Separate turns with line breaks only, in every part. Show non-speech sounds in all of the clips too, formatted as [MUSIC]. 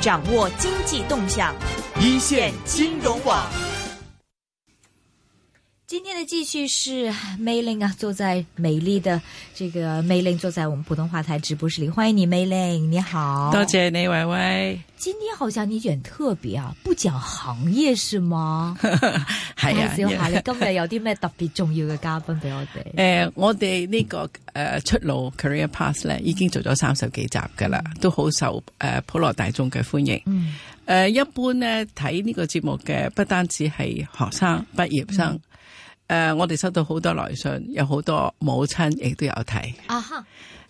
掌握經濟動向，一線金融網。今天的繼續是 Meiling 啊，坐在美麗的這個 Meiling，坐在我們普通話台直播室裏，歡迎你 Meiling，你好，多謝你薇薇。薇薇今天好像你人特別啊，不講行業是嗎？係 [LAUGHS] 啊，啊，小孩，你今日有啲咩特別重要嘅嘉賓俾我哋？誒、 [LAUGHS] 呃，我哋呢個
誒出路 Career Path 呢，已經做咗三十幾集噶啦，都好受誒普羅大眾嘅歡迎。誒、嗯呃，一般呢，睇呢個節目嘅，不單止係學生、畢業生。嗯誒，uh, 我哋收到好多來信，有好多母親亦都有睇。啊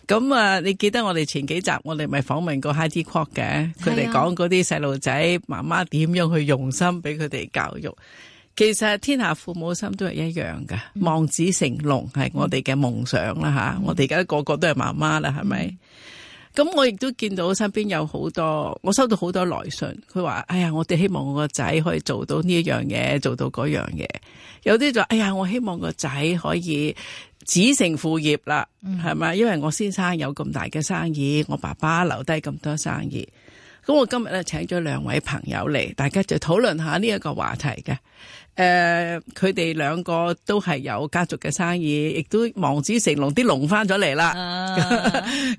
咁啊，你記得我哋前幾集，我哋咪訪問過 Hadi Kock 嘅，佢哋講嗰啲細路仔媽媽點樣去用心俾佢哋教育。其實天下父母心都係一樣噶，望子成龍係我哋嘅夢想啦吓、uh huh. 啊。我哋而家個個都係媽媽啦，係咪、uh？Huh. 咁我亦都見到身邊有好多，我收到好多來信，佢話：哎呀，我哋希望我個仔可以做到呢一樣嘢，做到嗰樣嘢。有啲就話：哎呀，我希望我個仔可以子承父業啦，係咪？嗯？因為我先生有咁大嘅生意，我爸爸留低咁多生意。咁我今日咧請咗兩位朋友嚟，大家就討論下呢一個話題嘅。誒，佢哋兩個都係有家族嘅生意，亦都望子成龍，啲龍翻咗嚟啦。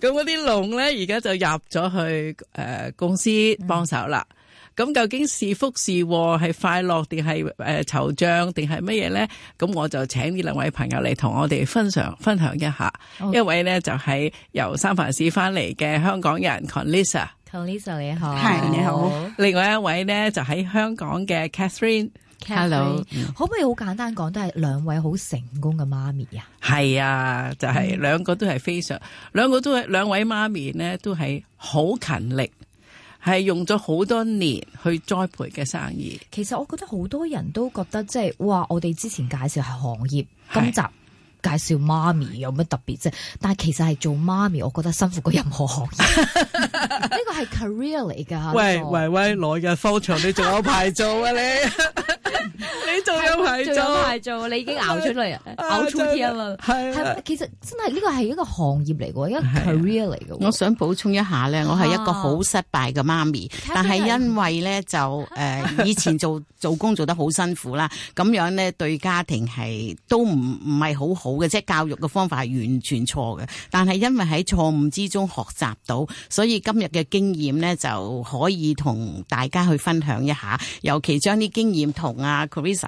咁嗰啲龍咧，而家就入咗去誒公司幫手啦。咁究竟是福是禍，係快樂定係誒惆悵，定係乜嘢咧？咁我就請呢兩位朋友嚟同我哋分享分享一下。一位咧就係由三藩市翻嚟嘅香港人 Con Lisa。
Lisa 你好，你好。
另外一位呢，就喺香港嘅 Catherine，Hello，、mm.
可唔可以好簡單講，都係兩位好成功嘅媽咪呀？
係啊，就係、是 mm. 兩個都係非常，兩個都係兩位媽咪呢，都係好勤力，係用咗好多年去栽培嘅生意。
其實我覺得好多人都覺得即係哇，我哋之前介紹係行業今集。介紹媽咪有乜特別啫？但係其實係做媽咪，我覺得辛苦過任何行業。呢 [LAUGHS] [LAUGHS] 個係 career 嚟㗎。喂喂 [LAUGHS] 喂，來日方長、 [LAUGHS] 啊，你仲有排做啊你？ [LAUGHS] 仲有排做，做你已經
熬出嚟，啊、熬出啊啦。係嗎，啊、其實真係呢個係一個行業嚟嘅，一個 career 嚟嘅。我想補充一下咧，我係一個好失敗嘅媽咪，啊、但係因為咧就誒、啊、以前做、啊、做工做得好辛苦啦，咁 [LAUGHS] 樣咧對家庭係都唔唔係好好嘅，即係教育嘅方法係完全錯嘅。但係因為喺錯誤之中學習到，所以今日嘅經驗咧就可以同大家去分享一下，尤其將啲經驗同啊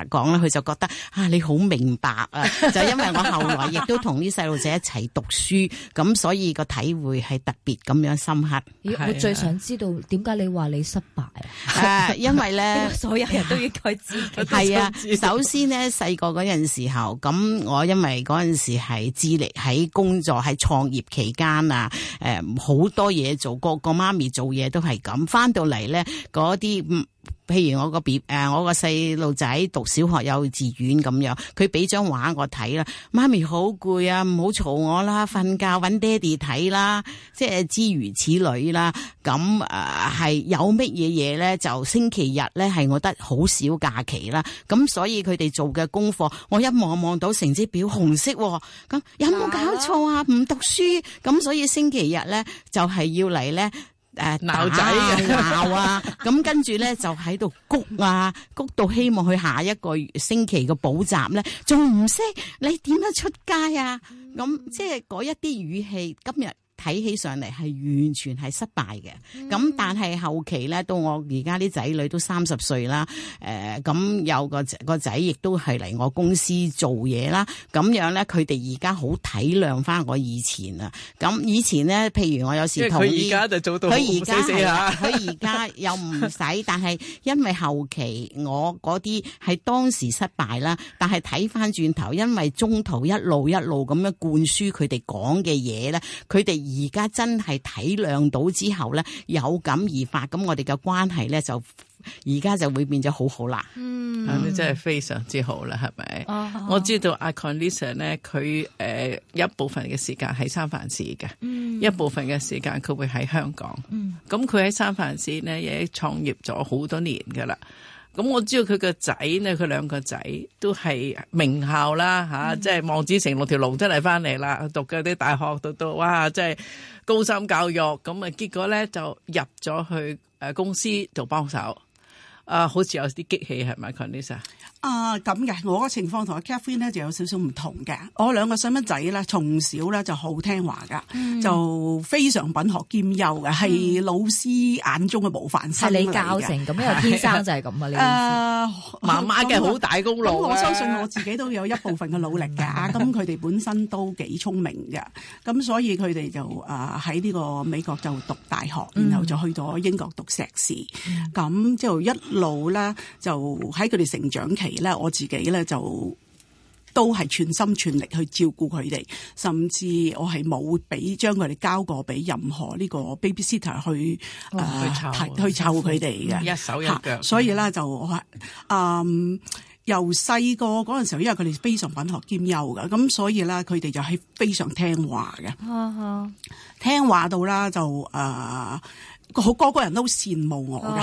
講咧，佢就覺得啊，你好明白啊， [LAUGHS] 就因為我後來亦都同啲細路仔一齊讀書，咁 [LAUGHS] 所以個體會係特別咁樣深刻。咦、呃，我最想
知道點解你話你失敗啊？因為咧， [LAUGHS] 所有人都應該知係啊，啊。
首先呢，細個嗰陣時候，咁我因為嗰陣時係致力喺工作喺創業期間啊，誒、呃，好多嘢做，個個媽咪做嘢都係咁。翻到嚟咧，嗰啲譬如我個 B 誒，我個細路仔讀小學幼稚園咁樣，佢俾張畫我睇啦，媽咪好攰啊，唔好嘈我啦，瞓覺搵爹哋睇啦，即係諸如此類啦。咁誒係有乜嘢嘢咧？就星期日咧係我得好少假期啦。咁所以佢哋做嘅功課，我一望望到成績表紅色，哦，咁有冇搞錯啊？唔的讀書，咁所以星期日咧就係、是、要嚟咧。誒鬧、呃、仔嘅鬧啊，咁、啊、 [LAUGHS] 跟住咧就喺度谷啊，谷到希望佢下一個星期嘅補習咧，仲唔識，你點樣出街啊？咁、 [NOISE] 嗯、即係一啲語氣今日。睇起上嚟係完全係失敗嘅，咁、嗯、但係後期咧，到我而家啲仔女都三十歲啦，誒、呃，咁有個個仔亦都係嚟我公司做嘢啦，咁樣咧佢哋而家好體諒翻我以前啊，咁以前咧，譬如，我有時同佢而家就做到佢而家，佢而家又唔使，但係因為後期我嗰啲係當時失敗啦，但係睇翻轉頭，因為中途一路一路咁樣灌輸佢哋講嘅嘢咧，佢哋。而家真係體諒到之後咧，有感而發，咁我哋嘅關係咧就而家就會變咗好好啦。嗯，
你、嗯嗯、真係
非
常之好啦，係咪？哦、我知道阿 Connyson 咧，佢誒一部分嘅時間喺三藩市嘅，一部分嘅時間佢、嗯、會喺香港。嗯，咁佢喺三藩市咧，也創業咗好多年噶啦。咁我知道佢個仔咧，佢兩個仔都係名校啦嚇，即係望子成龍，條龍真係翻嚟啦，讀嘅啲大學讀到哇，即係高深教育，咁啊結果咧就入咗去誒公司做幫手。啊，好似、uh, 有啲激氣係咪 Conny sir
啊？
咁嘅、uh，我個情況同阿 Catherine 咧就有少少唔同嘅。
我兩個細蚊仔咧，從小咧就
好聽話噶，mm hmm. 就非常品學兼優嘅，係老師眼中嘅模範生。係、mm hmm. 嗯 hmm. 你教成咁，又天生就係咁啊？你媽媽嘅好大功勞，咁一課我，一課我相信我自己都有一部分嘅努力㗎。咁佢哋本身都幾聰明嘅，咁所以佢哋就啊喺呢個美國就讀大學，然後就去咗英國讀碩士。咁就一，課一，課一課路啦，就喺佢哋成長期咧，我自己咧就都係全心全力去照顧佢哋，甚至我係冇俾將佢哋交過俾任何呢個 baby sitter 去啊、哦呃、去湊佢哋嘅，一手一腳。啊、所以啦，就我啊，嗯，由細個嗰陣時候，因為佢哋非常品學兼優嘅，咁所以啦，佢哋就係非常聽話嘅，呵呵聽話到啦，就啊。呃好，個個人都好羨慕我噶，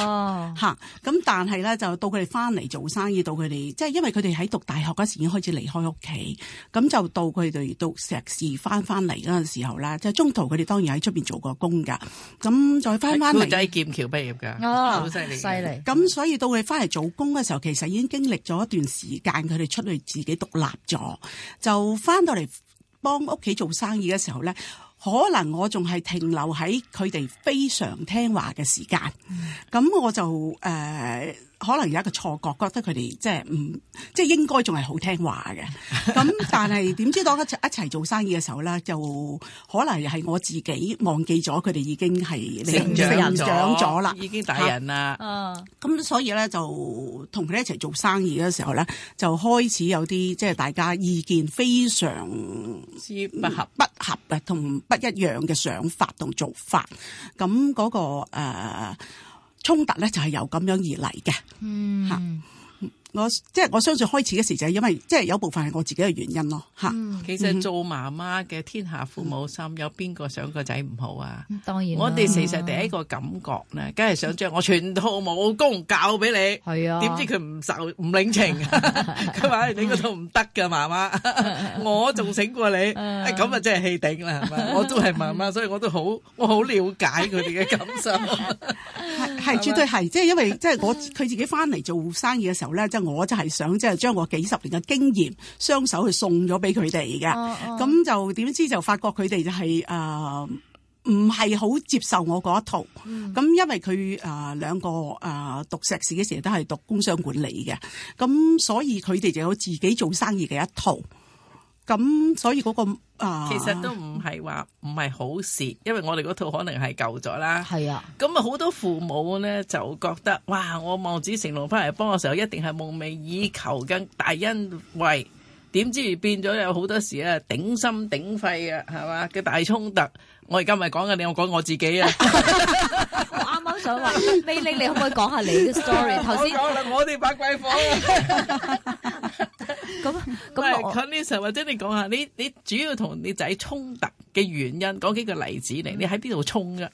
嚇咁、oh.，但係咧就到佢哋翻嚟做生意，到佢哋即係因為佢哋喺讀大學嗰時已經開始離開屋企，咁就到佢哋讀碩士翻翻嚟嗰陣時候啦，即係中途佢哋當然喺出邊做過工噶，咁、oh. 再翻翻嚟。僕仔
劍橋畢業噶，好犀利，犀利。
咁所以到佢哋翻嚟做工嘅時候，其實已經經歷咗一段時間，佢哋出去自己獨立咗，就翻到嚟幫屋企做生意嘅時候咧。可能我仲係停留喺佢哋非常聽話嘅時間，咁我就誒。呃可能有一個錯覺，覺得佢哋即係唔、嗯、即係應該仲係好聽話嘅。咁 [LAUGHS] 但係點知當一一齊做生意嘅時候咧，就可能係我自己忘記咗佢哋已經係成長咗啦，
已經大人啦。
咁、啊嗯、所以咧就同佢一齊做生意嘅時候咧，就開始有啲即係大家意見非常不合、嗯、不合嘅同不一樣嘅想法同做法。咁、嗯、嗰、那個、呃衝突咧就係由咁樣而嚟嘅，嗯吓。 [LAUGHS] 我即係我相信開始嘅時就係因為即係有部分係我自己嘅原因咯吓，其實
做媽媽嘅天下父母心，有邊個想個仔唔好啊？
當然，我哋其實
第一個感覺咧，梗係想將我全套武功教俾你，係啊，點知佢唔受唔領情，佢話，你嗰度唔得噶，媽媽，我仲醒過你，咁啊真係氣頂啦，係咪？我都係媽媽，所以我都好，我好了解佢哋嘅感受，係係絕對係，
即係因為即係我佢自己翻嚟做生意嘅時候咧，我就係想即係將我幾十年嘅經驗雙手去送咗俾佢哋嘅，咁、啊啊、就點知就發覺佢哋就係誒唔係好接受我嗰一套，咁、嗯、因為佢誒兩個誒、呃、讀碩士嘅時候都係讀工商管理嘅，咁所以佢哋就有自己做生意嘅一套。咁所以嗰、嗰個啊，
其實都唔係話唔係好事，因為我哋嗰套可能係舊咗啦。係啊，咁啊好多父母咧就覺得，哇！我望子成龍翻嚟幫我嘅時候，一定係夢寐以求嘅大恩惠。點知變咗有好多時啊，頂心頂肺啊，係嘛嘅大衝突。我而家咪講緊你我講我自己啊。啱
啱 [LAUGHS] [LAUGHS] 想話，Meiling，你可唔可以講下你嘅 story？頭先講啦，我哋八桂坊、啊。 [LAUGHS]
咁咁我喺呢時候，或者你講下你你主要同你仔衝突嘅原因，講幾個例子嚟。你喺邊度衝噶？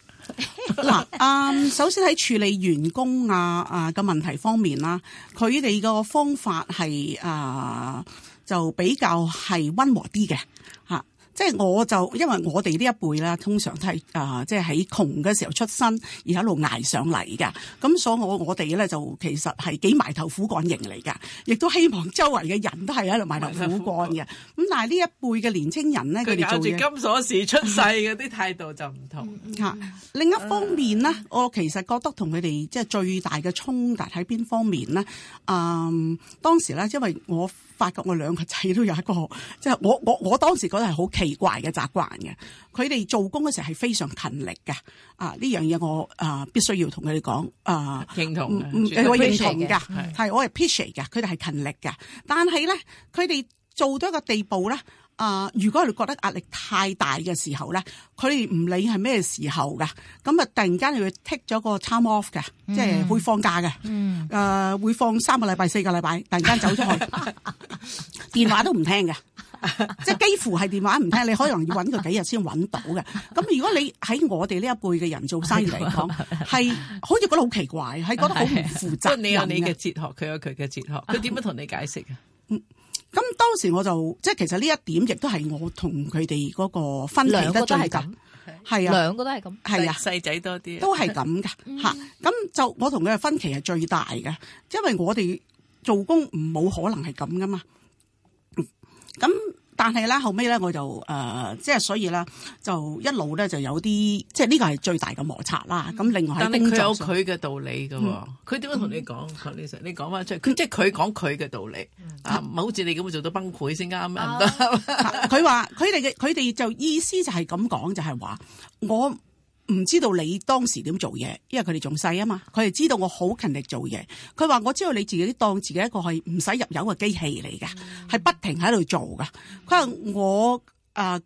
嗱， [LAUGHS] 首先喺處理員工啊啊嘅問題方面啦，佢哋個方法係啊就比較係溫和啲嘅吓。即係我就因為我哋呢一輩啦，通常都係啊，即係喺窮嘅時候出身，而喺度捱上嚟噶，咁所以我我哋咧就其實係幾埋頭苦幹型嚟噶，亦都希望周圍嘅人都係喺度埋頭苦幹嘅。咁但係呢一輩嘅年青人咧，佢哋住金鎖
匙出世嘅啲態度就唔同嚇。嗯嗯嗯
嗯、另一方面咧，我其實覺得同佢哋即係最大嘅衝突喺邊方面咧？啊、嗯，當時咧，因為我。發覺我兩個仔都有一個，即係我我我當時覺得係好奇怪嘅習慣嘅。佢哋做工嘅時候係非常勤力嘅，啊呢樣嘢我啊、呃、必須要同佢哋講啊，呃、認同我認同嘅，係我係 pitch 嘅，佢哋係勤力嘅，但係咧佢哋做到一個地步咧。啊、呃、如果你覺得壓力太大嘅時候咧，佢哋唔理係咩時候噶，咁啊突然間佢會 take 咗個 time off 嘅，嗯、即係會放假嘅。嗯，誒、呃、會放三個禮拜四個禮拜，突然間走咗去， [LAUGHS] 電話都唔聽嘅，即係幾乎係電話唔聽。你可能要揾佢幾日先揾到嘅。咁如果你喺我哋呢一輩嘅人做生意嚟講，係 [LAUGHS] 好似覺得好奇怪，係 [LAUGHS] 覺得好唔負責。 [LAUGHS] 你有你
嘅哲學，佢有佢嘅哲學，佢點樣同你解釋嘅？ [LAUGHS] 嗯
咁當時我就即係其實呢一點亦都係我同佢哋嗰個分歧得最大，
係啊，兩個都係咁，係啊，細仔、啊、多啲、啊，都係咁
噶吓，咁、嗯啊、就我同佢嘅分歧係最大嘅，因為我哋做工唔冇可能係咁噶嘛。咁、嗯。但係咧，後尾咧，我就誒，即係所以咧，就是、一路咧就有啲，即係呢個係最大嘅摩擦啦。咁另外，但定佢有佢
嘅道理嘅喎、哦，佢點樣同你講？嗯、你講翻出嚟，佢即係佢講佢嘅道理、嗯、啊，唔係好似你咁會做到崩潰先啱咩？唔得、啊，佢話佢哋嘅，佢哋、啊、 [LAUGHS] 就意思
就係咁講，就係話我。唔知道你當時點做嘢，因為佢哋仲細啊嘛，佢哋知道我好勤力做嘢。佢話我知道你自己當自己一個係唔使入油嘅機器嚟㗎，係、mm hmm. 不停喺度做噶。佢話我啊，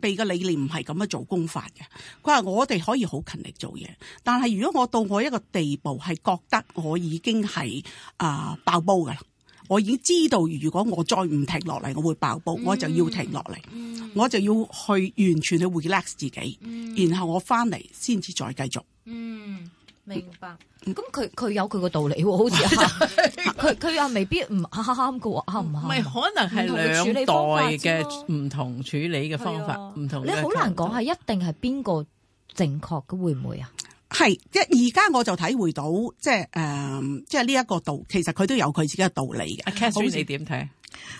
哋、呃、嘅理念唔係咁樣做功法嘅。佢話我哋可以好勤力做嘢，但係如果我到我一個地步係覺得我已經係啊、呃、爆煲嘅，我已經知道如果我再唔停落嚟，我會爆煲，我就要停落嚟。Mm hmm. 我就要去完全
去 relax 自己，嗯、然後我翻嚟先至再繼續。嗯，明白。咁佢佢有佢個道理喎，好似佢佢又未必唔啱噶喎，啱唔啱？唔係，可能係兩代
嘅唔同處理嘅方、啊、方法，唔、啊、同。你好
難講係一定係邊個正確嘅，會唔會啊？係即係而家我就
體
會到，即係誒、呃，即係呢一個道，其實佢都有佢自己嘅道理嘅。Castree，你點睇？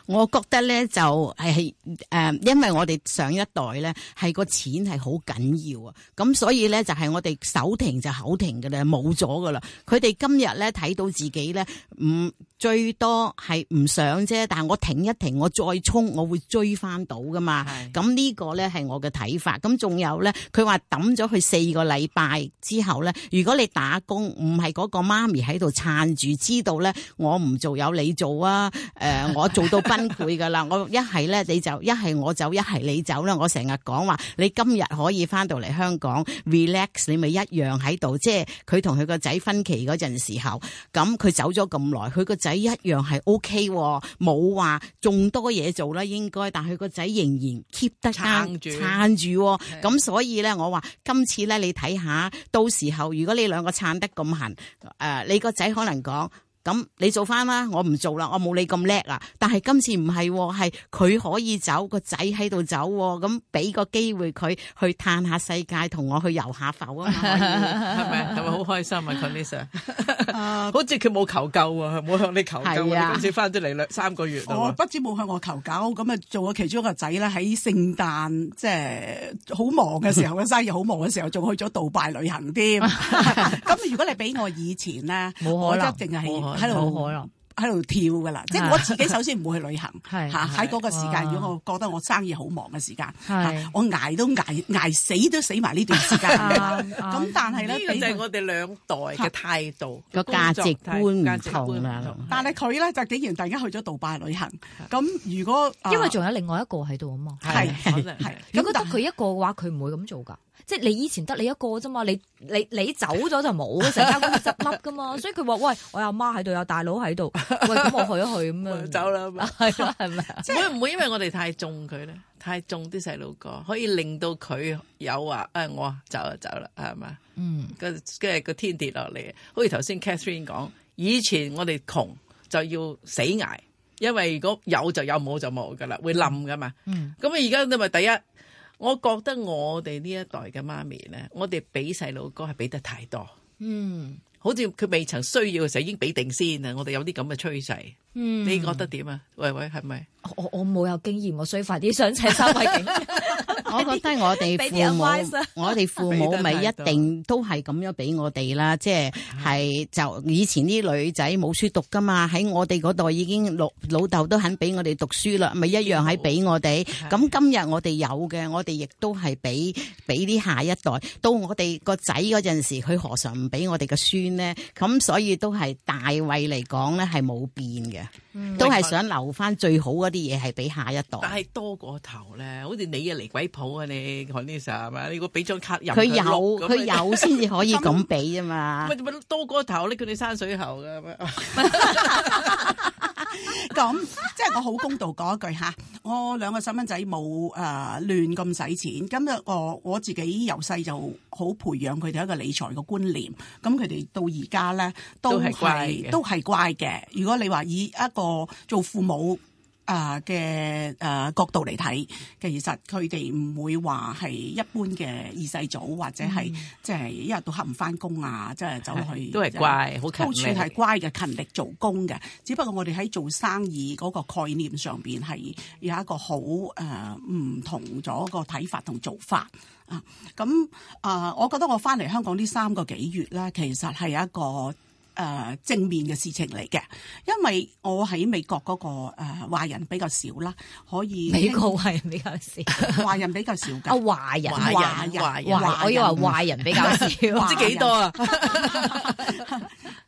我覺得咧就係誒，因為我哋上一代咧係個錢係好緊要啊，咁所以咧就係我哋手停就口停噶啦，冇咗噶啦。佢哋今日咧睇到自己咧唔最多係唔上啫，但係我停一停，我再衝，我會追翻到噶嘛。咁呢個咧係我嘅睇法。咁仲有咧，佢話抌咗佢四個禮拜之後咧，如果你打工唔係嗰個媽咪喺度撐住，知道咧我唔做有你做啊。誒、呃，我做。 [LAUGHS] 到 [LAUGHS] 崩潰㗎啦！我一係咧你就一係我走一係你走啦！我成日講話，你今日可以翻到嚟香港 relax，你咪一樣喺度。即係佢同佢個仔分歧嗰陣時候，咁佢走咗咁耐，佢個仔一樣係 OK，冇話仲多嘢做啦。應該，但係佢個仔仍然 keep 得撐住撐住。咁、哦、 [LAUGHS] 所以咧，我話今次咧，你睇下，到時候如果你兩個撐得咁痕，誒、呃，你個仔可能講。咁你做翻啦，我唔做啦，我冇你咁叻啦。但係今次唔係，係佢可以走，個仔喺度走，咁俾個機會佢去歎下世界，同我去遊下浮啊嘛，係咪？係咪好
開心啊，Conny Sir？
好似佢冇求救喎，冇向你求救。我今次翻咗嚟兩三個
月，我不
知冇向我求救。咁啊，做我其中一個仔咧，喺聖誕即係好忙嘅時候，嘅生意好忙嘅時候，仲去咗杜拜旅行添。咁如果你俾我以前咧，冇可能，我則淨係。喺度，喺度跳噶啦！即係我自己首先唔會去旅行，吓，喺嗰個時間，如果我覺得我生意好忙嘅時間，我挨都挨，挨死都死埋呢段時間。咁但係咧，呢個
就我哋兩代嘅
態度個價值觀唔同啦。但係佢咧就竟然突然間去咗杜拜旅
行。咁如果因為仲有另外一個喺度啊嘛，係係如果得佢一個嘅話，佢唔會咁做噶。即係你以前得你一個啫嘛，你你你走咗就冇成間公司執笠噶嘛，所以佢話喂，我阿媽喺度，有大佬喺度，喂咁我去一去咁樣，走啦係嘛，係咪啊？即是 會唔會
因為我哋太重佢咧？太重啲
細路哥，可以令
到佢有話誒、哎，我走就、啊、走啦、啊，係咪？嗯，跟跟住個天跌落嚟，好似頭先 Catherine 講，以前我哋窮就要死挨，因為如果有就有冇就冇噶啦，會冧噶嘛。嗯，咁啊而家你咪第一。我覺得我哋呢一代嘅媽咪咧，我哋俾細路哥係俾得太多，嗯，好似佢未曾需要嘅時候已經俾定先啊！我哋有啲咁嘅趨勢，
嗯，你覺得
點啊？
喂喂，係咪？
我我冇有，有經驗，我需要快啲想請三位。我覺得我哋父母，你我哋父母咪 [LAUGHS] 太一定
都係咁樣俾我哋啦，即係係就以前啲女仔冇書讀㗎嘛，喺我哋嗰代已經老老豆都肯俾我哋讀書啦，咪一樣係俾我哋。咁的今日我哋有嘅，我哋亦都係俾俾啲下一代。到我哋個仔嗰陣時，佢何嘗唔俾我哋嘅孫呢？咁所以都係大圍嚟講咧，係冇變嘅，
都係想
留翻最好嗰啲嘢係俾下一代。嗯、但係
多過頭咧，好似你啊，嚟鬼。好啊你，海呢斯啊嘛，你如果俾張卡入，佢有佢錄有先至可以咁
俾啊嘛。咪
咪多個頭搦佢哋山水喉噶咁，
即係我好公道講一句吓，我兩個細蚊仔冇誒亂咁使錢。咁啊我我自己由細就好培養佢哋一個理財嘅觀念。咁佢哋到而家咧都係都係乖嘅。如果你話以一個做父母。啊嘅誒角度嚟睇，其實佢哋唔會話係一般嘅二世祖，或者係、嗯、即係一日到黑唔翻工啊，即係的走去都係乖，好、就是、勤樸全係乖嘅勤力做工嘅。只不過我哋喺做生意嗰個概念上邊係有一個好誒唔同咗個睇法同做法啊。咁啊、呃，我覺得我翻嚟香港呢三個幾月咧，其實係一個。誒、呃、正面嘅事情嚟嘅，因為我喺美國嗰、那個誒、呃、壞人比較少啦，可以美國壞人
比較少，
[LAUGHS] 壞人比較少㗎。哦、啊，壞人，壞人，壞人，人人我以為壞
人比較少，唔 [LAUGHS] 知幾多啊？
[LAUGHS] [LAUGHS]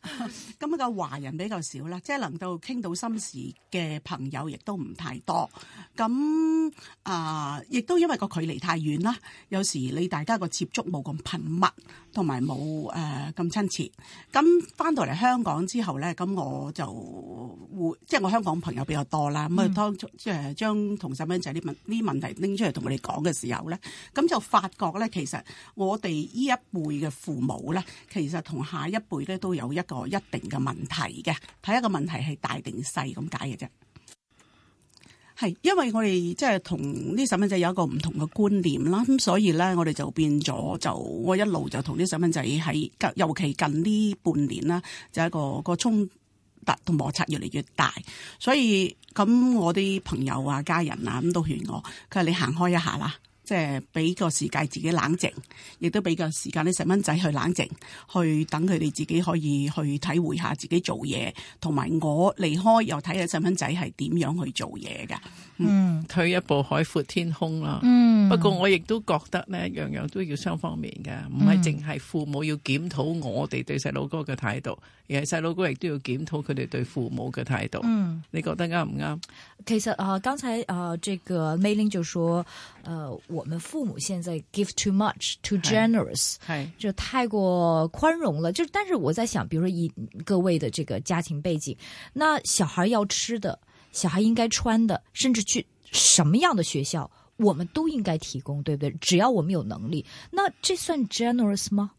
咁個 [LAUGHS] 華人比較少啦，即係能夠傾到心事嘅朋友亦都唔太多。咁啊，亦都因為個距離太遠啦，有時你大家個接觸冇咁頻密，同埋冇誒咁親切。咁翻到嚟香港之後咧，咁我就。會即係我香港朋友比較多啦，咁啊當即係將同細蚊仔啲問啲問題拎出嚟同佢哋講嘅時候咧，咁就發覺咧，其實我哋呢一輩嘅父母咧，其實同下一輩咧都有一個一定嘅問題嘅，睇一個問題係大定細咁解嘅啫。係因為我哋即係同啲細蚊仔有一個唔同嘅觀念啦，咁所以咧，我哋就變咗就我一路就同啲細蚊仔喺，尤其近呢半年啦，就一個一個衝。突同摩擦越嚟越大，所以咁我啲朋友啊、家人啊咁都勸我，佢話，你行開一下啦。即係俾個時間自己冷靜，亦都俾個時間啲細蚊仔去冷靜，去等佢哋自己可以去體會下自己做嘢，同埋我離開又睇下細蚊仔係點
樣去做嘢嘅。嗯，退一步海闊天空啦。嗯，不過我亦都覺得咧，樣樣都要雙方面嘅，唔係淨係父母要檢討我哋對細佬哥嘅態度，而係細佬哥亦都要檢討佢哋對父母嘅態度。嗯，你覺得啱唔啱？
其實啊，呃、剛才啊、呃，這個 Meiling 就說。呃，我我們父母現在 give too much, too generous，就太過寬容了。就但是我在想，比如說以各位的這個家庭背景，那小孩要吃的、小孩應該穿的，甚至去什麼樣的學校，我們都應該提供，對不對？只要我們有能力，那這算 generous 嗎？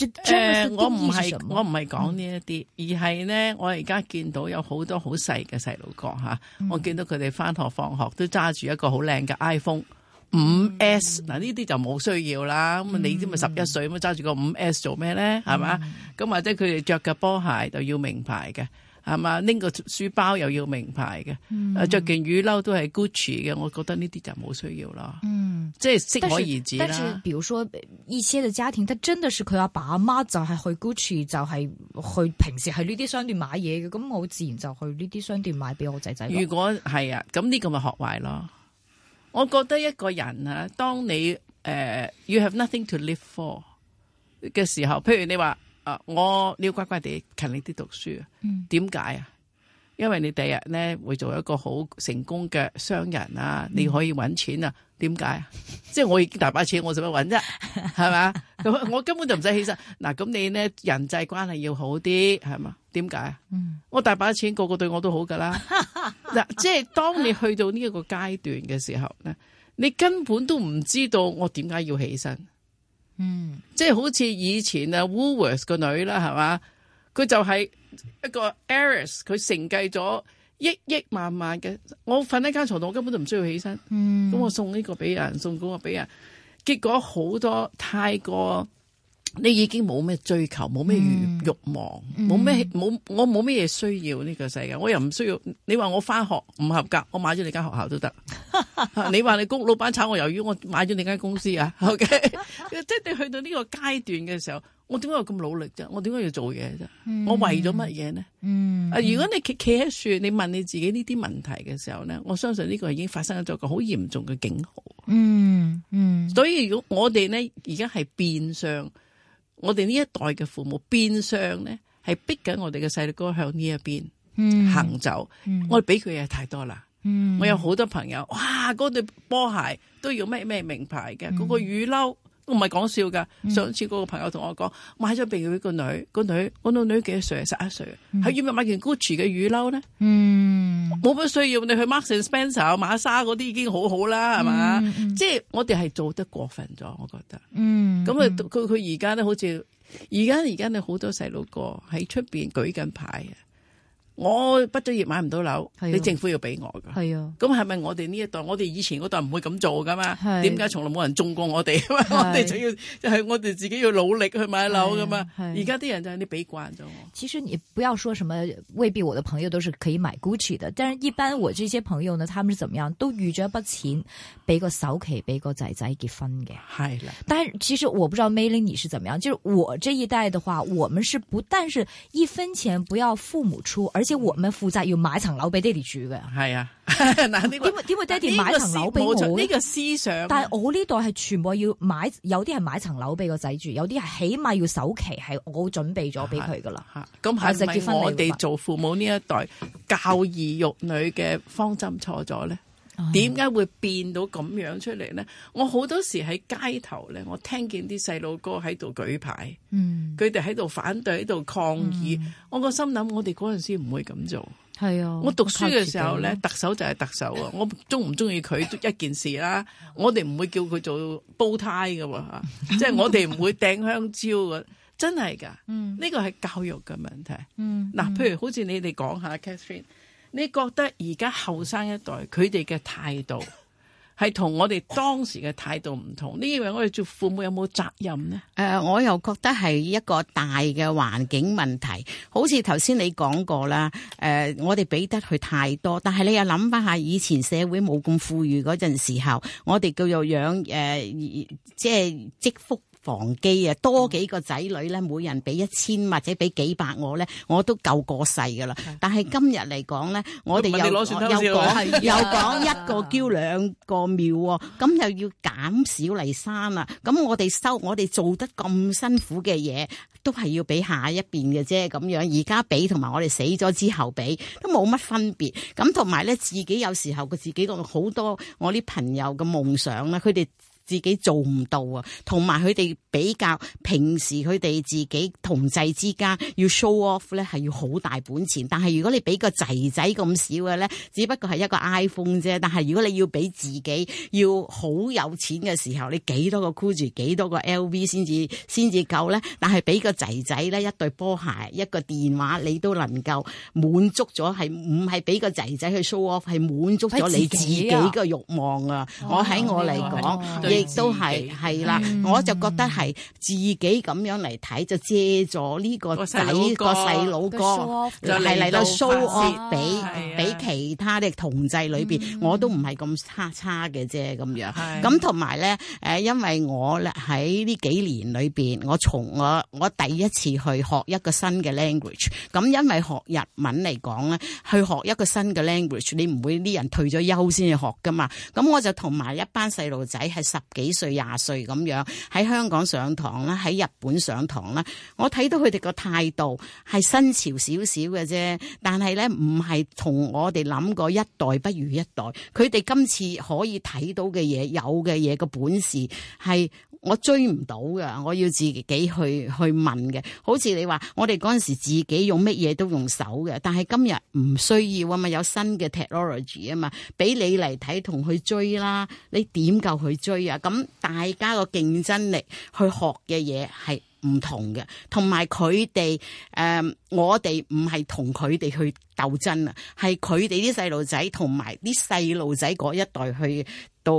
呃、這 generous 的定義是什麼？我唔係，我
唔係講呢一啲，嗯、而係呢。我而家見到有好多好細嘅細路哥吓，嗯、我見到佢哋翻學放學都揸住一個好靚嘅 iPhone。五 S 嗱，呢啲就冇需要啦，咁你知咪十一歲咁揸住個五 S 做咩咧？係嘛，咁、嗯、或者佢哋着嘅波鞋就要名牌嘅，係嘛，拎個書包又要名牌嘅，啊着件雨褸都係 Gucci 嘅，我覺得呢啲就冇需要咯，嗯，
即係適可而止啦。但係，比如說一些嘅家庭，但真的是佢阿爸阿媽就係去 Gucci，就係去平時去呢啲商店買嘢嘅，咁我自然就去呢啲商店買俾我仔仔。如果
係啊，咁呢個咪學壞咯。我覺得一個人啊，當你誒、uh, you have nothing to live for 嘅時候，譬如你話啊，uh, 我你要乖乖哋勤力啲讀書啊，嗯，點解啊？因為你第日咧會做一個好成功嘅商人啊，嗯、你可以搵錢啊？點解？ [LAUGHS] 即係我已經大把錢，我使乜搵啫？係嘛？咁 [LAUGHS] 我根本就唔使起身。嗱、啊，咁你咧人際關係要好啲，係嘛？點解？嗯，我大把錢，個個對我都好噶啦。嗱， [LAUGHS] 即係當你去到呢一個階段嘅時候咧，你根本都唔知道我點解要起身。嗯，即係好似以前啊，Woolworth 個女啦，係嘛？佢就係、是。一個 aris 佢承繼咗億億萬萬嘅，我瞓喺間床度，我根本就唔需要起身。咁、嗯、我送呢個俾人，送嗰個俾人，結果好多太過，你已經冇咩追求，冇咩欲欲望，冇咩冇我冇咩嘢需要呢個世界，我又唔需要。你話我返學唔合格，我買咗你間學校都得。你話你公老闆炒我魷魚，我買咗你間公司啊。O K，即係你去到呢個階段嘅時候，我點解要咁努力啫？我點解要做嘢啫？我為咗乜嘢呢？啊、嗯，如果你企企喺樹，你問你自己呢啲問題嘅時候咧，我相信呢個已經發生咗個好嚴重嘅警號。
嗯，嗯，
所以如果我哋咧而家係變相，我哋呢一代嘅父母變相咧係逼緊我哋嘅細路哥向呢一邊行走、走，嗯嗯、我哋俾佢嘢太多啦。我有好多朋友，哇！嗰對波鞋都要咩咩名牌嘅，嗰、嗯、個雨褸都唔係講笑噶。嗯、上次嗰個朋友同我講，買咗俾佢個女，那個女十十，我個女幾歲？十一歲，喺邊度買件 Gucci 嘅雨褸咧？嗯，冇乜、嗯、需要，你去 Marks and Spencer、馬莎嗰啲已經好好啦，係嘛？嗯嗯、即係我哋係做得過分咗，我覺得。嗯，咁啊、嗯，佢佢而家咧，嗯、好似而家而家咧，好多細路哥喺出邊舉緊牌啊！我畢咗業買唔到樓，哦、你政府要俾我噶。係啊、哦，咁係咪我哋呢一代？我哋以前嗰代唔會咁做噶嘛？點解從來冇人中過我哋啊？ [LAUGHS] 我哋仲要，係是我哋自己要努力去買樓噶嘛？而家啲人就係、是、你俾
慣咗。其實你不要說什麼未必，我嘅朋友都是可以買 Gucci 嘅。但係一般我這些朋友呢，他們是怎麼樣都預咗一筆錢，俾個首期俾個仔仔結婚嘅。係啦的，但係其實我不知道 Meiling 你是怎麼樣，就是我這一代的話，我們是不但是一分錢不要父母出，而即係唔係負責要買層樓俾爹哋住嘅，係啊哈哈，點點會爹哋買層樓俾我呢個思想？但係我呢代係全部要買，有啲係買層樓俾個仔住，有啲係起碼要首期係我準備咗俾佢噶啦。咁係唔係我哋做
父母呢一代、嗯、教兒育女嘅方針錯咗咧？點解會變到咁樣出嚟咧？我好多時喺街頭咧，我聽見啲細路哥喺度舉牌，佢哋喺度反對，喺度抗議。嗯、我個心諗，我哋嗰陣時唔會咁做。
係啊，啊，我讀書嘅時候咧，
特首就係特首啊！我鍾唔鍾意佢一件事啦，我哋唔會叫佢做煲呔㗎喎、啊，即係 [LAUGHS] 我哋唔會掟香蕉噶，真係㗎。呢個係教育嘅問題。嗱、嗯，譬、嗯嗯、如好似你哋講下 Catherine。你覺得而家後生一代佢哋嘅態度係同我哋當時嘅態度唔同？你
以為我哋做父母有冇責任咧？誒、呃，我又覺得係一個大嘅環境問題，好似頭先你講過啦。誒、呃，我哋俾得佢太多，但係你又諗翻下以前社會冇咁富裕嗰陣時候，我哋叫做養誒、呃呃，即係積福，房基啊，多幾個仔女咧，每人俾一千或者俾幾百我呢，我咧我都夠過世噶啦。但係今日嚟講咧，我哋又說 [LAUGHS] 又講又講一個嬌兩個妙啊，咁又要減少嚟生啦。咁我哋收我哋做得咁辛苦嘅嘢，都係要俾下一邊嘅啫。咁樣而家俾同埋我哋死咗之後俾，都冇乜分別。咁同埋咧，自己有時候佢自己好多我啲朋友嘅夢想咧，佢哋。自己做唔到啊，同埋佢哋比較平時佢哋自己同事之間要 show off 咧，係要好大本錢，但係如果你俾個仔仔咁少嘅咧，只不過係一個 iPhone 啫。但係如果你要俾自己要好有錢嘅時候，你幾多個 Gucci 幾多個 LV 先至先至夠咧？但係俾個仔仔咧一對波鞋一個電話你都能夠滿足咗係唔係俾個仔仔去 show off 係滿足咗你自己嘅欲望啊？我喺我嚟講。哦亦都係係啦，我就覺得係自己咁樣嚟睇，就借咗呢個仔個細佬哥，係嚟到 show 我俾俾其他啲同濟裏邊，我都唔係咁差差嘅啫咁樣，咁同埋咧，誒的因為我咧喺呢幾年裏邊，我從我我第一次去學一個新嘅 language，咁因為學日文嚟講咧，去學一個新嘅 language，你唔會啲人退咗休先至學噶嘛。咁我就同埋一班細路仔係十。幾歲廿歲咁樣喺香港上堂啦，喺日本上堂啦，我睇到佢哋個態度係新潮少少嘅啫，但係咧唔係同我哋諗過一代不如一代，佢哋今次可以睇到嘅嘢，有嘅嘢個本事係。我追唔到嘅，我要自己去去問嘅。好似你話，我哋嗰陣時自己用乜嘢都用手嘅，但係今日唔需要啊嘛，有新嘅 technology 啊嘛，俾你嚟睇同去追啦。你點夠去追啊？咁大家個競爭力去學嘅嘢係唔同嘅，同埋佢哋誒，我哋唔係同佢哋去鬥爭啊，係佢哋啲細路仔同埋啲細路仔嗰一代去到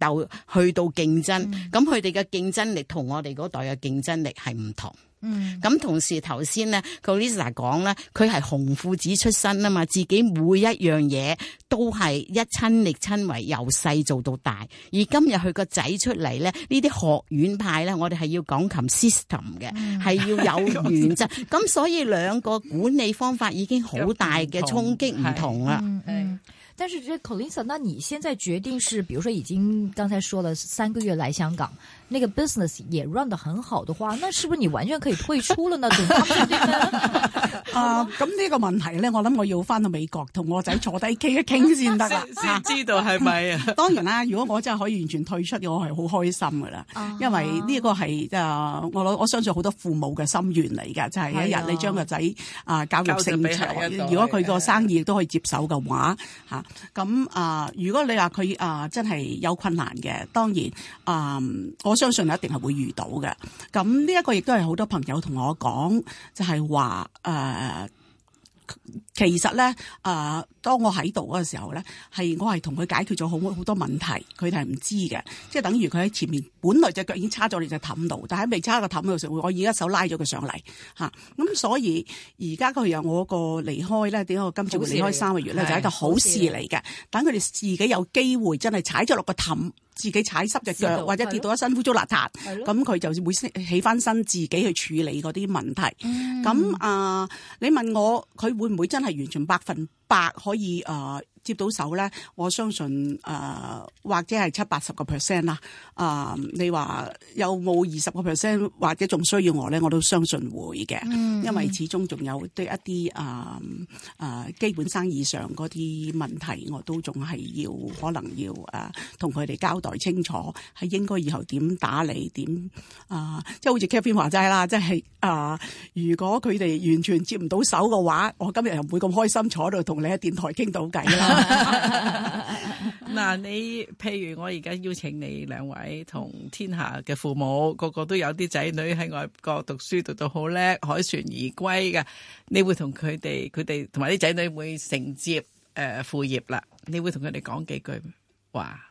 就去到競爭，咁佢哋嘅競爭力同我哋嗰代嘅競爭力係唔同。嗯，咁同時頭先咧 Lisa 講咧，佢係紅褲子出身啊嘛，自己每一樣嘢都係一親力親為，由細做到大。而今日佢個仔出嚟咧，呢啲學院派咧，我哋係要講琴 system 嘅，係、嗯、要有原則。咁 [LAUGHS] 所以
兩個管理方法已經好大嘅衝擊唔同啦。嗯嗯嗯。但是，這口令，l 那你現在決定是，比如說已經剛才說了三個月來香港。那個 business 也 run 得很好的話，那是不是你完全可以退出了那種呢？啊，咁呢個問題咧，我諗我要翻到美國同我仔坐低傾一傾先得
啦，先知道係咪
啊？當然啦，如果我真係可以完全退出嘅，我係好開心噶啦，因為呢個係誒我我相信好多父母嘅心願嚟嘅，就係、是、一日你將個仔啊教育成材，如果佢個生意都可以接手嘅話，吓、啊、咁啊，如果你話佢啊真係有困難嘅，當然啊、呃、我。相信係一定係會遇到嘅，咁呢一個亦都係好多朋友同我講，就係話誒，其實咧誒、呃，當我喺度嗰個時候咧，係我係同佢解決咗好好多問題，佢哋係唔知嘅，即係等於佢喺前面本來隻腳已經叉咗，你只氹度，但係未叉個氹嘅時候，我一手拉咗佢上嚟吓，咁、啊、所以而家佢有我個離開咧，點解我今次會離開三個月咧，就係一個好事嚟嘅，等佢哋自己有機會真係踩咗落個氹。自己踩濕隻腳，到或者跌到一身污糟邋遢，咁佢就會起翻身自己去處理嗰啲問題。咁啊、嗯呃，你問我佢會唔會真係完全百分百可以誒？呃接到手咧，我相信誒、呃、或者係七八十個 percent 啦。啊、呃、你話有冇二十個 percent 或者仲需要我咧？我都相信會嘅，因為始終仲有對一啲啊啊基本生意上啲問題我都仲係要可能要誒同佢哋交代清楚，係應該以後點打理點啊、呃，即係好似 Kevin 話齋啦，即係啊、呃、如果佢哋完全接唔到手嘅話，我今日又唔會咁開心坐度同你喺電台傾到偈啦。 [LAUGHS]
嗱， [LAUGHS] 你譬如我而家邀請你兩位同天下嘅父母，個個都有啲仔女喺外國讀書，讀到好叻，凱旋而歸嘅，你會同佢哋佢哋同埋啲仔女會承接誒父呃、業啦。你會同佢哋講幾句
話？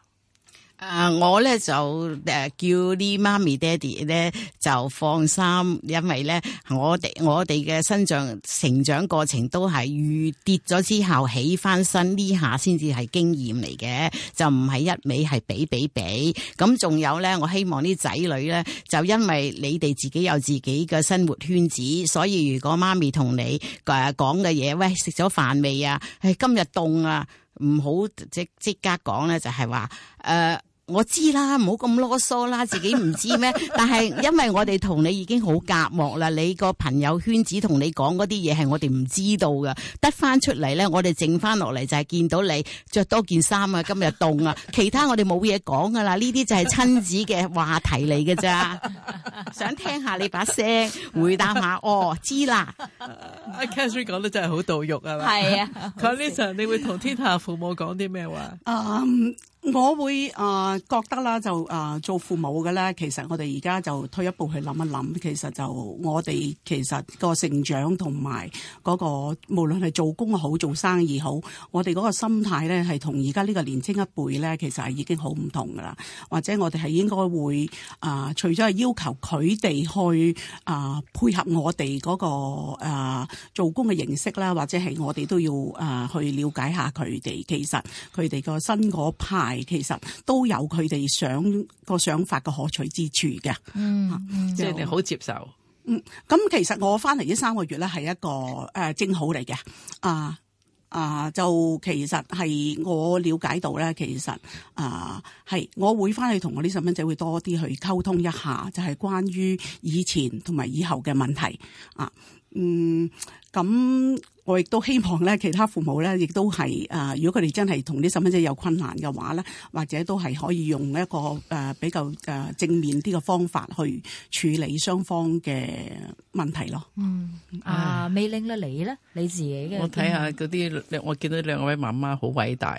誒、呃，我咧就誒叫啲媽咪爹哋咧就放心，因為咧我哋我哋嘅生長成長過程都係遇跌咗之後起返身，呢下先至係經驗嚟嘅，就唔係一味係俾俾俾。咁仲有咧，我希望啲仔女咧，就因為你哋自己有自己嘅生活圈子，所以如果媽咪同你誒講嘅嘢，喂食咗飯未、哎、啊？誒今日凍啊！唔好即即刻講咧，就係話，誒。呃我知啦，唔好咁囉嗦啦，自己唔知咩？ [LAUGHS] 但係因為我哋同你已經好隔膜啦，你個朋友圈子同你講嗰啲嘢係我哋唔知道噶，得翻出嚟咧，我哋剩翻落嚟就係見到你着多件衫啊，今日凍啊，其他我哋冇嘢講噶啦，呢啲就係親子嘅話題嚟噶咋， [LAUGHS] 想聽下你把聲回答下，哦，知啦，
阿 Catherine 講得真係好到肉啊，係啊，Connyson [LAUGHS] 惜、啊、你會同天下父母講啲咩話？嗯。
我會啊覺得啦，就啊、呃、做父母嘅咧，其實我哋而家就退一步去諗一諗，其實就我哋其實個成長同埋、嗰個無論係做工好做生意好，我哋個心態咧係同而家呢個年青一輩咧，其實係已經好唔同噶啦。或者我哋係應該會啊、呃，除咗係要求佢哋去啊、呃、配合我哋、嗰個啊、呃、做工嘅形式啦，或者係我哋都要啊、呃、去了解下佢哋，其實佢哋個新嗰派。其實都有佢哋想個想法嘅可取之處嘅，嗯，啊、即係你好接受。嗯，咁其實我翻嚟呢三個月咧，係一個誒、呃、正好嚟嘅。啊啊，就其實係我了解到咧，其實啊係我會翻去同我啲細蚊仔會多啲去溝通一下，就係、是、關於以前同埋以後嘅問題啊。嗯，咁。我亦都希望咧，其他父母咧，亦都係啊，如果佢哋真係同啲細蚊仔有困難嘅話咧，或者都係可以用一個誒比較誒正面啲嘅方法去處理雙方嘅問題咯。
嗯、yeah, 啊、um, uh,，未拎得你咧，你自己嘅。我睇下
嗰啲，我見到兩位媽媽好偉大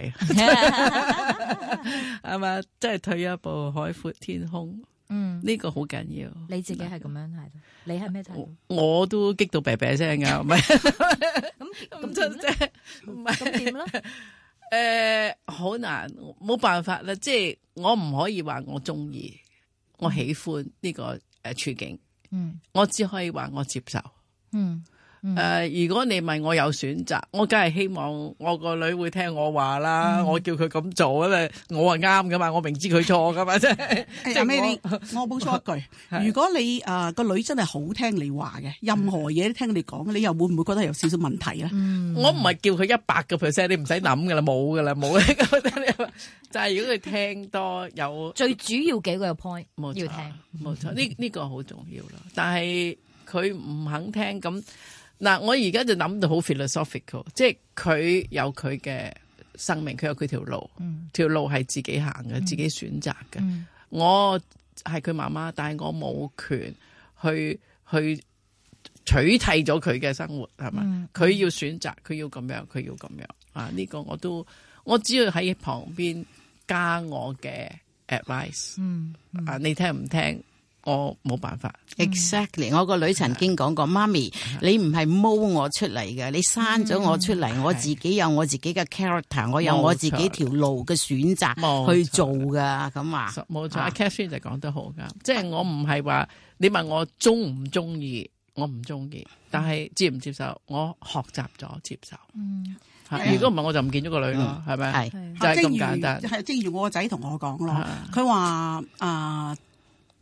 啊嘛，即係、awesome. [LAUGHS] knowledge 네、退一步海闊天空。嗯，呢個好緊要。
你自己係咁樣睇，是你係咩態度？
我都激到啤啤聲噶，係咪 [LAUGHS]
[LAUGHS] 咁咁真啫，唔係咁點咧？誒、 [LAUGHS] 呃，
好難，冇辦法啦，即、就、係、是、我唔可以話我中意，我喜歡呢個誒處境。嗯，我只可以話我接受。嗯。誒，如果你問我有選擇，我梗係希望我個女會聽我話啦。我叫佢咁做，咁啊，我話啱噶嘛，我明知佢錯噶嘛，即係。阿 May，
我補充一句，如果你誒個女真係好聽你話嘅，任何嘢都聽你講，你又
會唔會覺得有少少問題咧？我唔係叫佢一百個 percent，你唔使諗噶啦，冇噶啦，冇。
就係如果佢聽多有最主要幾個嘅 point 要聽，
冇錯呢，呢個好重要啦。但係佢唔肯聽咁。嗱，我而家就諗到好 philosophical，即係佢有佢嘅生命，佢有佢條路，條、嗯、路係自己行嘅，嗯、自己選擇嘅。嗯、我係佢媽媽，但係我冇權去去取締咗佢嘅生活，係咪？佢、嗯、要選擇，佢要咁樣，佢要咁樣。啊，呢、呢個我都我只要喺旁邊加我嘅 advice，啊、嗯，嗯、你聽唔聽？
我冇辦法。Exactly，我個女曾經講過：媽咪，你唔係踎我出嚟嘅，你生咗我出嚟，我自己有我自己嘅 character，我有我自己條路嘅選擇去做噶。咁啊，冇錯。阿 Cat 先就講得好噶，即
係我唔係話你問我中唔中意，我唔中意，但係接唔接受，我學習咗接受。嗯，如果唔係我就唔見咗個女咯，係咪？係就係咁簡單。係
正如我個仔同我講咯，佢話啊。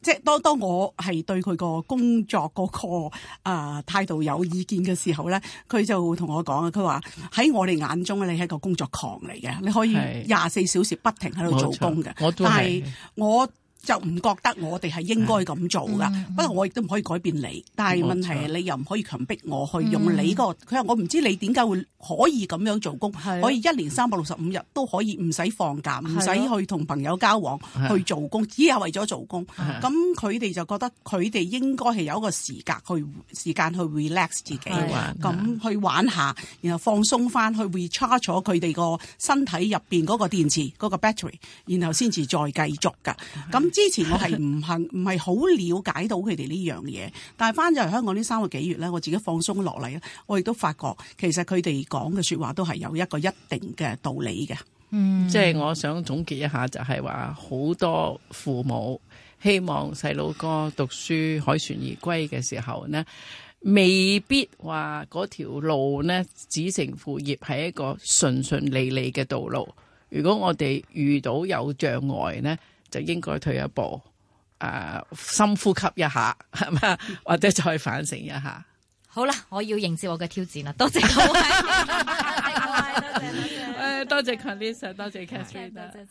即係當當我係對佢個工作、嗰個個啊、呃、態度有意見嘅時候咧，佢就同我講啊，佢話喺我哋眼中你係個工作狂嚟嘅，你可以廿四小時不停喺度做工嘅，但係我就唔覺得我哋係應該咁做噶，的不過我亦都唔可以改變你。但係問題你又唔可以強迫我去的用你個，佢話我唔知你點解會可以咁樣做工，的可以一年三百六十五日都可以唔使放假，唔使的去同朋友交往的去做工，只係為咗做工。咁佢哋就覺得佢哋應該係有一個時間去時間去 relax 自己，咁的去玩下，然後放鬆翻去 recharge 咗佢哋個身體入邊個電池個 battery，然後先至再繼續噶的。咁之前我係唔幸唔係好了解到佢哋呢樣嘢，但係翻咗嚟香港呢三個幾月咧，我自己放鬆落嚟，
我亦都發覺其實佢哋講嘅説話都係有一個一定嘅道理嘅。嗯，即係我想總結一下，就係話好多父母希望細路哥讀書凱旋而歸嘅時候呢，未必話嗰條路呢，子承父業係一個順順利利嘅道路。如果我哋遇到有障礙呢。就應該退一步，誒、呃，深呼吸一下，係嘛？或者再反省一下。
好啦，我要迎接我嘅挑戰啦！多謝好 [LAUGHS] 多謝 isa, 多謝，誒， [LAUGHS] 多謝 Karlisa，多謝 Katherine。